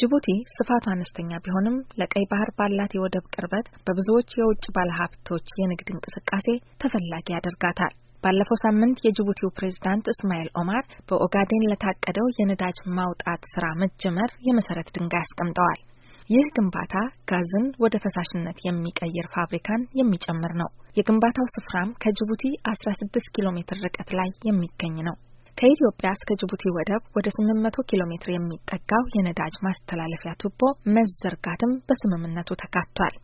ጅቡቲ ስፋቱ አነስተኛ ቢሆንም ለቀይ ባህር ባላት የወደብ ቅርበት በብዙዎች የውጭ ባለሀብቶች የንግድ እንቅስቃሴ ተፈላጊ ያደርጋታል። ባለፈው ሳምንት የጅቡቲው ፕሬዝዳንት እስማኤል ኦማር በኦጋዴን ለታቀደው የነዳጅ ማውጣት ስራ መጀመር የመሰረት ድንጋይ አስቀምጠዋል። ይህ ግንባታ ጋዝን ወደ ፈሳሽነት የሚቀይር ፋብሪካን የሚጨምር ነው። የግንባታው ስፍራም ከጅቡቲ 16 ኪሎ ሜትር ርቀት ላይ የሚገኝ ነው። ከኢትዮጵያ እስከ ጅቡቲ ወደብ ወደ 800 ኪሎ ሜትር የሚጠጋው የነዳጅ ማስተላለፊያ ቱቦ መዘርጋትም በስምምነቱ ተካቷል።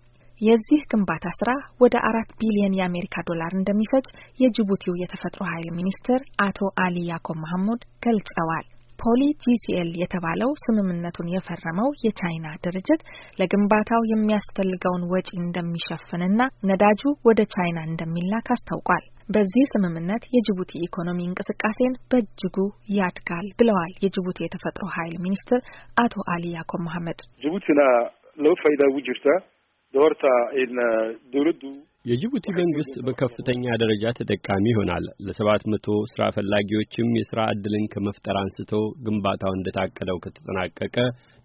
የዚህ ግንባታ ስራ ወደ አራት ቢሊዮን የአሜሪካ ዶላር እንደሚፈጅ የጅቡቲው የተፈጥሮ ኃይል ሚኒስትር አቶ አሊ ያኮብ መሐሙድ ገልጸዋል። ኮሊ ጂሲኤል የተባለው ስምምነቱን የፈረመው የቻይና ድርጅት ለግንባታው የሚያስፈልገውን ወጪ እንደሚሸፍንና ነዳጁ ወደ ቻይና እንደሚላክ አስታውቋል። በዚህ ስምምነት የጅቡቲ ኢኮኖሚ እንቅስቃሴን በእጅጉ ያድጋል ብለዋል የጅቡቲ የተፈጥሮ ኃይል ሚኒስትር አቶ አሊ ያኮብ መሐመድ ጅቡቲና ለው ውጅርታ ዶርታ ዱርዱ የጅቡቲ መንግስት በከፍተኛ ደረጃ ተጠቃሚ ይሆናል። ለሰባት መቶ ስራ ፈላጊዎችም የስራ ዕድልን ከመፍጠር አንስቶ ግንባታው እንደታቀደው ከተጠናቀቀ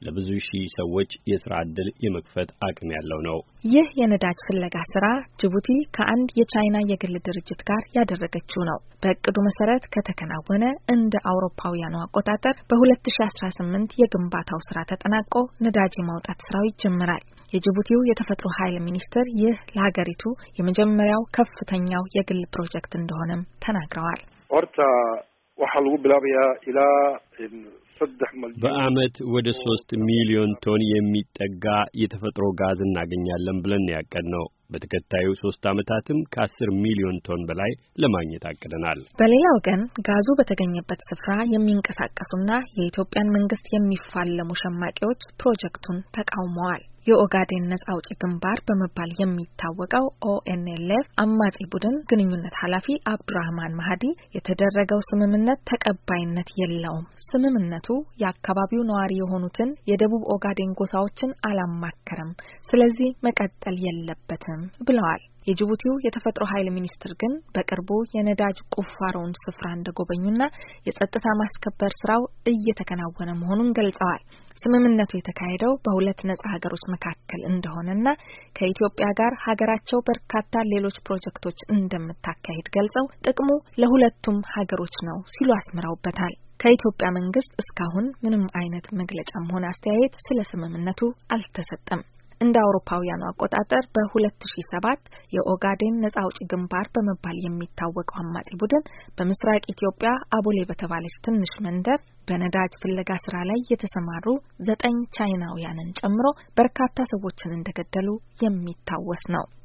ለብዙ ሺህ ሰዎች የስራ ዕድል የመክፈት አቅም ያለው ነው። ይህ የነዳጅ ፍለጋ ስራ ጅቡቲ ከአንድ የቻይና የግል ድርጅት ጋር ያደረገችው ነው። በእቅዱ መሰረት ከተከናወነ እንደ አውሮፓውያኑ አቆጣጠር በ2018 የግንባታው ስራ ተጠናቆ ነዳጅ የማውጣት ስራው ይጀምራል። የጅቡቲው የተፈጥሮ ኃይል ሚኒስትር ይህ ለሀገሪቱ የመጀመሪያው ከፍተኛው የግል ፕሮጀክት እንደሆነም ተናግረዋል። በአመት ወደ ሶስት ሚሊዮን ቶን የሚጠጋ የተፈጥሮ ጋዝ እናገኛለን ብለን ያቀድ ነው። በተከታዩ ሶስት አመታትም ከአስር ሚሊዮን ቶን በላይ ለማግኘት አቅደናል። በሌላ ወገን ጋዙ በተገኘበት ስፍራ የሚንቀሳቀሱና የኢትዮጵያን መንግስት የሚፋለሙ ሸማቂዎች ፕሮጀክቱን ተቃውመዋል። የኦጋዴን ነጻ አውጪ ግንባር በመባል የሚታወቀው ኦኤንኤልኤፍ አማጺ ቡድን ግንኙነት ኃላፊ አብዱራህማን ማሀዲ የተደረገው ስምምነት ተቀባይነት የለውም፣ ስምምነቱ የአካባቢው ነዋሪ የሆኑትን የደቡብ ኦጋዴን ጎሳዎችን አላማከረም፣ ስለዚህ መቀጠል የለበትም ብለዋል። የጅቡቲው የተፈጥሮ ኃይል ሚኒስትር ግን በቅርቡ የነዳጅ ቁፋሮውን ስፍራ እንደጎበኙና የጸጥታ ማስከበር ስራው እየተከናወነ መሆኑን ገልጸዋል። ስምምነቱ የተካሄደው በሁለት ነጻ ሀገሮች መካከል እንደሆነና ከኢትዮጵያ ጋር ሀገራቸው በርካታ ሌሎች ፕሮጀክቶች እንደምታካሄድ ገልጸው ጥቅሙ ለሁለቱም ሀገሮች ነው ሲሉ አስምረውበታል። ከኢትዮጵያ መንግስት እስካሁን ምንም አይነት መግለጫም ሆነ አስተያየት ስለ ስምምነቱ አልተሰጠም። እንደ አውሮፓውያኑ አቆጣጠር በ2007 የኦጋዴን ነጻ አውጪ ግንባር በመባል የሚታወቀው አማጺ ቡድን በምስራቅ ኢትዮጵያ አቦሌ በተባለች ትንሽ መንደር በነዳጅ ፍለጋ ስራ ላይ የተሰማሩ ዘጠኝ ቻይናውያንን ጨምሮ በርካታ ሰዎችን እንደገደሉ የሚታወስ ነው።